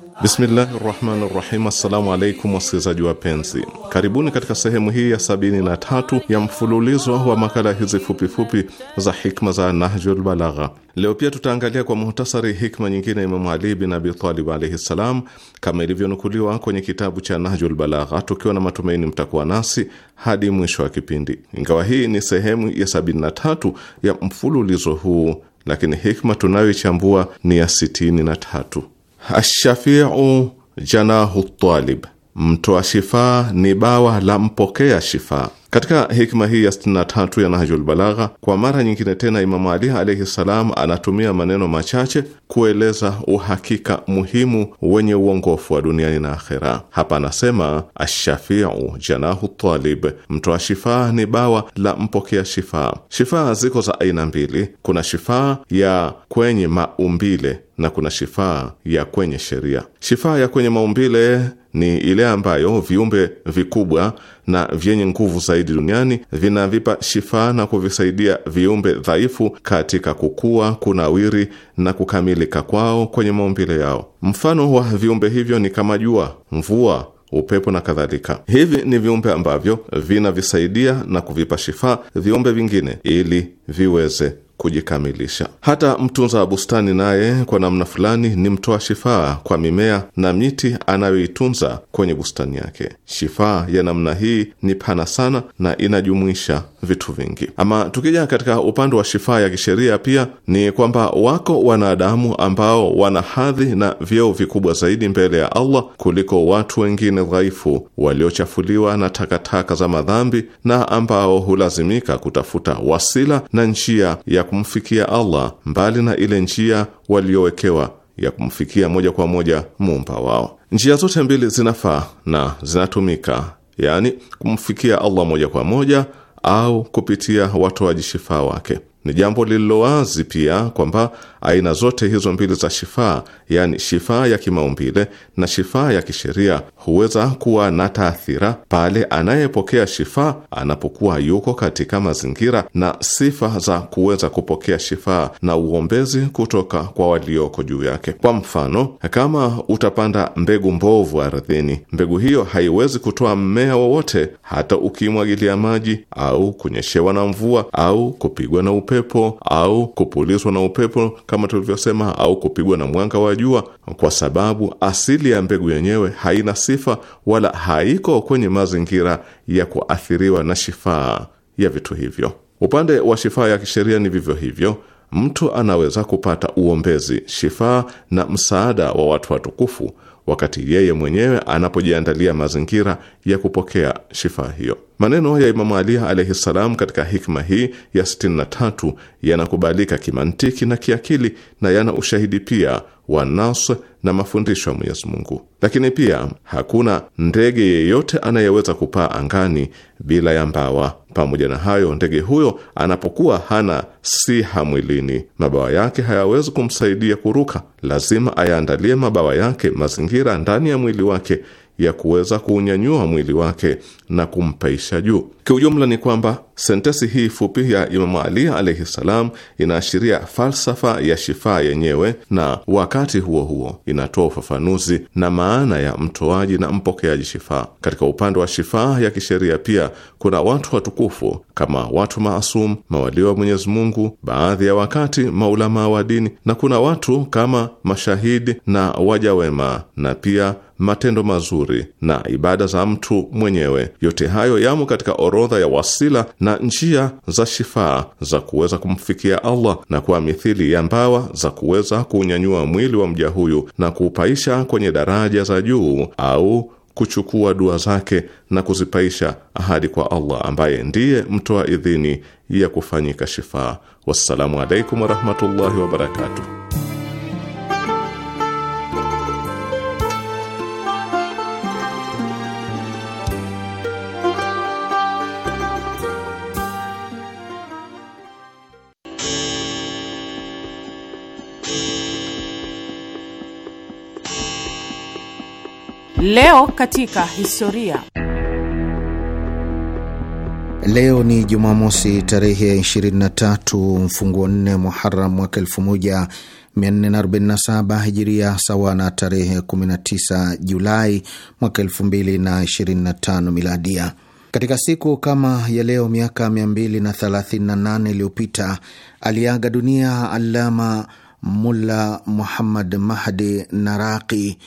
Bismillahi rahmani rahim. Assalamu alaikum wasikilizaji wapenzi, karibuni katika sehemu hii ya sabini na tatu ya mfululizo wa makala hizi fupifupi za hikma za Nahjul Balagha. Leo pia tutaangalia kwa muhtasari hikma nyingine ya Imamu Ali bin Abi Talib alaihi ssalam, kama ilivyonukuliwa kwenye kitabu cha Nahjul Balagha, tukiwa na matumaini mtakuwa nasi hadi mwisho wa kipindi. Ingawa hii ni sehemu ya sabini na tatu ya mfululizo huu, lakini hikma tunayoichambua ni ya sitini na tatu. Ashafiu janahu talib, mtoa shifaa ni bawa la mpokea shifaa. Katika hikma hii ya 63 ya Nahjul Balagha, kwa mara nyingine tena, Imamu Ali alaihi ssalam anatumia maneno machache kueleza uhakika muhimu wenye uongofu wa duniani na akhera. Hapa anasema ashafiu janahu talib, mtoa shifaa ni bawa la mpokea shifaa. Shifaa ziko za aina mbili, kuna shifaa ya kwenye maumbile na kuna shifaa ya kwenye sheria. Shifaa ya kwenye maumbile ni ile ambayo viumbe vikubwa na vyenye nguvu zaidi duniani vinavipa shifaa na kuvisaidia viumbe dhaifu katika kukua, kunawiri na kukamilika kwao kwenye maumbile yao. Mfano wa viumbe hivyo ni kama jua, mvua, upepo na kadhalika. Hivi ni viumbe ambavyo vinavisaidia na kuvipa shifaa viumbe vingine ili viweze kujikamilisha. Hata mtunza wa bustani naye kwa namna fulani ni mtoa shifaa kwa mimea na miti anayoitunza kwenye bustani yake. Shifaa ya namna hii ni pana sana na inajumuisha vitu vingi. Ama tukija katika upande wa shifaa ya kisheria, pia ni kwamba wako wanadamu ambao wana hadhi na vyeo vikubwa zaidi mbele ya Allah kuliko watu wengine dhaifu waliochafuliwa na takataka za madhambi na ambao hulazimika kutafuta wasila na njia ya kumfikia Allah mbali na ile njia waliowekewa ya kumfikia moja kwa moja muumba wao. Njia zote mbili zinafaa na zinatumika, yaani kumfikia Allah moja kwa moja au kupitia watoaji shifaa wake. Ni jambo lililowazi pia kwamba aina zote hizo mbili za shifaa, yaani shifaa ya kimaumbile na shifaa ya kisheria, huweza kuwa na taathira pale anayepokea shifaa anapokuwa yuko katika mazingira na sifa za kuweza kupokea shifaa na uombezi kutoka kwa walioko juu yake. Kwa mfano, kama utapanda mbegu mbovu ardhini, mbegu hiyo haiwezi kutoa mmea wowote, hata ukimwagilia maji au kunyeshewa na mvua au kupigwa na upe upepo au kupulizwa na upepo kama tulivyosema, au kupigwa na mwanga wa jua, kwa sababu asili ya mbegu yenyewe haina sifa wala haiko kwenye mazingira ya kuathiriwa na shifaa ya vitu hivyo. Upande wa shifaa ya kisheria ni vivyo hivyo. Mtu anaweza kupata uombezi, shifaa na msaada wa watu watukufu wakati yeye mwenyewe anapojiandalia mazingira ya kupokea shifa hiyo. Maneno ya Imamu Ali alaihi salam katika hikma hii ya 63 yanakubalika kimantiki na kiakili na yana ushahidi pia wa nas na mafundisho ya Mwenyezi Mungu. Lakini pia hakuna ndege yeyote anayeweza kupaa angani bila ya mbawa. Pamoja na hayo, ndege huyo anapokuwa hana siha mwilini, mabawa yake hayawezi kumsaidia kuruka. Lazima ayaandalie mabawa yake mazingira ndani ya mwili wake ya kuweza kuunyanyua mwili wake na kumpaisha juu. Kiujumla ni kwamba sentesi hii fupi ya Imamu Ali alaihi ssalam inaashiria falsafa ya shifaa yenyewe, na wakati huo huo inatoa ufafanuzi na maana ya mtoaji na mpokeaji shifaa. Katika upande wa shifaa ya kisheria, pia kuna watu watukufu kama watu maasum, mawalio wa Mwenyezi Mungu, baadhi ya wakati maulamaa wa dini, na kuna watu kama mashahidi na waja wema, na pia matendo mazuri na ibada za mtu mwenyewe. Yote hayo yamo katika orodha ya wasila na njia za shifaa za kuweza kumfikia Allah, na kwa mithili ya mbawa za kuweza kuunyanyua mwili wa mja huyu na kuupaisha kwenye daraja za juu au kuchukua dua zake na kuzipaisha ahadi kwa Allah ambaye ndiye mtoa idhini ya kufanyika shifaa. Wassalamu alaikum warahmatullahi wabarakatuh. Leo katika historia. Leo ni Jumamosi tarehe 23 mfunguo 4 Muharam mwaka 1447 Hijiria, sawa na tarehe 19 Julai mwaka 2025 Miladia. Katika siku kama ya leo miaka 238 iliyopita aliaga dunia Alama Mulla Muhammad Mahdi Naraqi,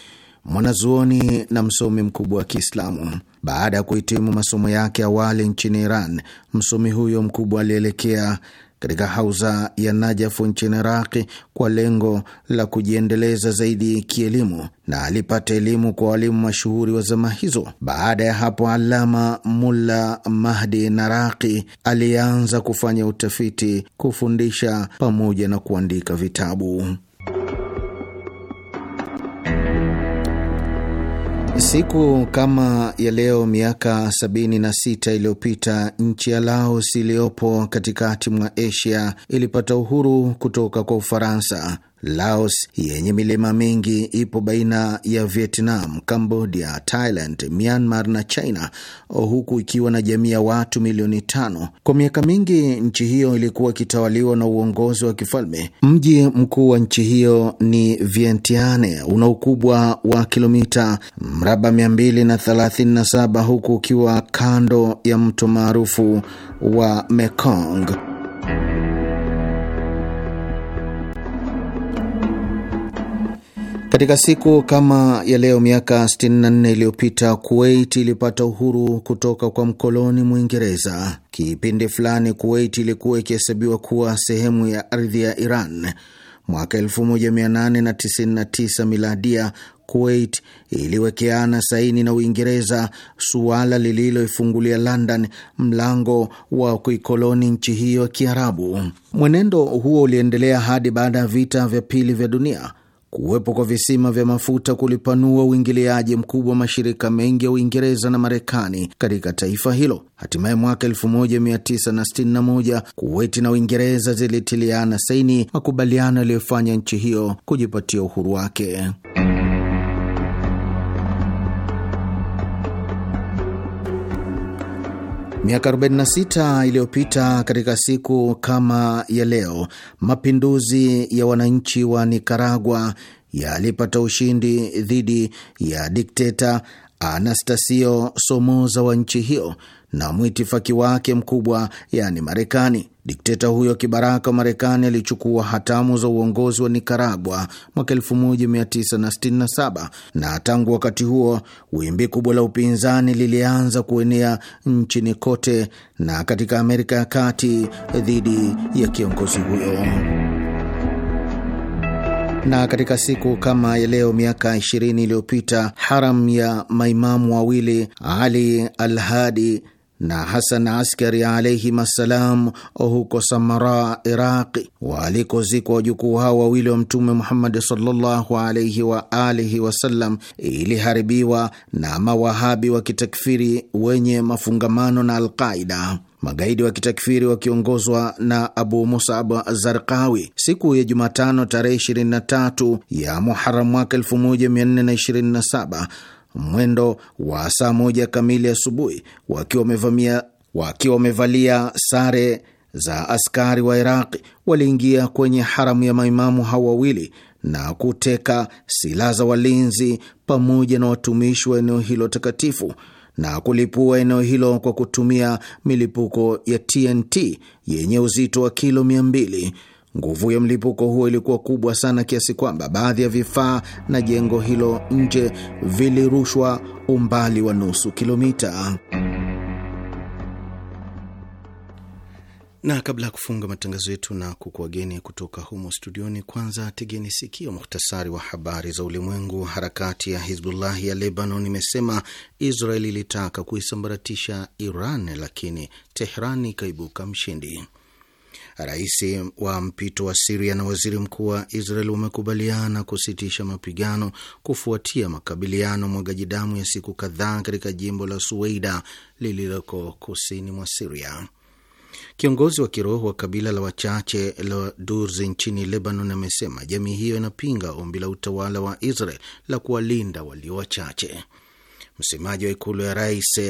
mwanazuoni na msomi mkubwa wa Kiislamu. Baada ya kuhitimu masomo yake awali nchini Iran, msomi huyo mkubwa alielekea katika hauza ya Najafu nchini Iraqi kwa lengo la kujiendeleza zaidi kielimu na alipata elimu kwa walimu mashuhuri wa zama hizo. Baada ya hapo, Alama Mulla Mahdi Naraqi alianza kufanya utafiti, kufundisha pamoja na kuandika vitabu. Siku kama ya leo miaka 76 iliyopita nchi ya Laos iliyopo katikati mwa Asia ilipata uhuru kutoka kwa Ufaransa. Laos yenye milima mingi ipo baina ya Vietnam, Cambodia, Thailand, Myanmar na China, huku ikiwa na jamii ya watu milioni tano. Kwa miaka mingi nchi hiyo ilikuwa ikitawaliwa na uongozi wa kifalme. Mji mkuu wa nchi hiyo ni Vientiane, una ukubwa wa kilomita mraba 237 huku ukiwa kando ya mto maarufu wa Mekong. Katika siku kama ya leo miaka 64 iliyopita Kuwait ilipata uhuru kutoka kwa mkoloni Mwingereza. Kipindi fulani Kuwait ilikuwa ikihesabiwa kuwa sehemu ya ardhi ya Iran. Mwaka 1899 miladia, Kuwait iliwekeana saini na Uingereza, suala lililoifungulia London mlango wa kuikoloni nchi hiyo ya Kiarabu. Mwenendo huo uliendelea hadi baada ya vita vya pili vya dunia Kuwepo kwa visima vya mafuta kulipanua uingiliaji mkubwa wa mashirika mengi ya Uingereza na Marekani katika taifa hilo. Hatimaye mwaka 1961 Kuweti na Uingereza zilitiliana saini makubaliano yaliyofanya nchi hiyo kujipatia uhuru wake. Miaka 46 iliyopita katika siku kama ya leo, mapinduzi ya wananchi wa Nikaragua yalipata ushindi dhidi ya dikteta Anastasio Somoza wa nchi hiyo na mwitifaki wake mkubwa, yaani Marekani. Dikteta huyo kibaraka wa Marekani alichukua hatamu za uongozi wa Nikaragua mwaka 1967 na tangu wakati huo wimbi kubwa la upinzani lilianza kuenea nchini kote na katika Amerika ya Kati dhidi ya kiongozi huyo na katika siku kama ya leo miaka 20 iliyopita haram ya maimamu wawili Ali Alhadi na Hasan Askari alaihim assalam huko Samara, Iraqi, walikozikwa wajukuu hao wawili wa Mtume Muhammadi sallallahu alaihi wa alihi wasallam, iliharibiwa na mawahabi wa kitakfiri wenye mafungamano na Alqaida, magaidi wa kitakfiri wakiongozwa na Abu Musab Zarqawi. Siku ya Jumatano tarehe 23 ya Muharam mwaka 1427 mwendo wa saa moja kamili asubuhi wakiwa wamevalia sare za askari wa Iraqi waliingia kwenye haramu ya maimamu hao wawili na kuteka silaha za walinzi pamoja na watumishi wa eneo hilo takatifu na kulipua eneo hilo kwa kutumia milipuko ya TNT yenye uzito wa kilo mia mbili Nguvu ya mlipuko huo ilikuwa kubwa sana kiasi kwamba baadhi ya vifaa na jengo hilo nje vilirushwa umbali wa nusu kilomita. Na kabla ya kufunga matangazo yetu na kukuwageni kutoka humo studioni, kwanza tegeni sikio muhtasari wa habari za ulimwengu. Harakati ya Hizbullah ya Lebanon imesema Israeli ilitaka kuisambaratisha Iran, lakini Tehran ikaibuka mshindi. Rais wa mpito wa Siria na waziri mkuu wa Israel wamekubaliana kusitisha mapigano kufuatia makabiliano mwagaji damu ya siku kadhaa katika jimbo la Suweida lililoko kusini mwa Siria. Kiongozi wa kiroho wa kabila la wachache la Durzi nchini Lebanon amesema jamii hiyo inapinga ombi la utawala wa Israel la kuwalinda walio wachache. Msemaji wa ikulu ya rais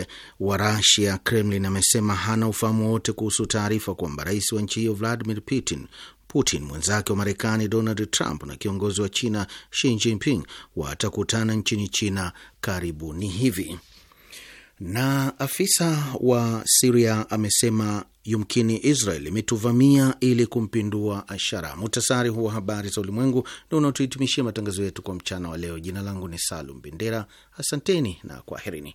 wa Rasia, Kremlin, amesema hana ufahamu wowote kuhusu taarifa kwamba rais wa nchi hiyo Vladimir Putin Putin mwenzake wa Marekani Donald Trump na kiongozi wa China Xi Jinping watakutana nchini China karibuni hivi. Na afisa wa Siria amesema Yumkini Israel imetuvamia ili kumpindua Ashara. Muhtasari huwa habari za ulimwengu ndio unaotuhitimishia matangazo yetu kwa mchana wa leo. Jina langu ni Salum Bendera, asanteni na kwaherini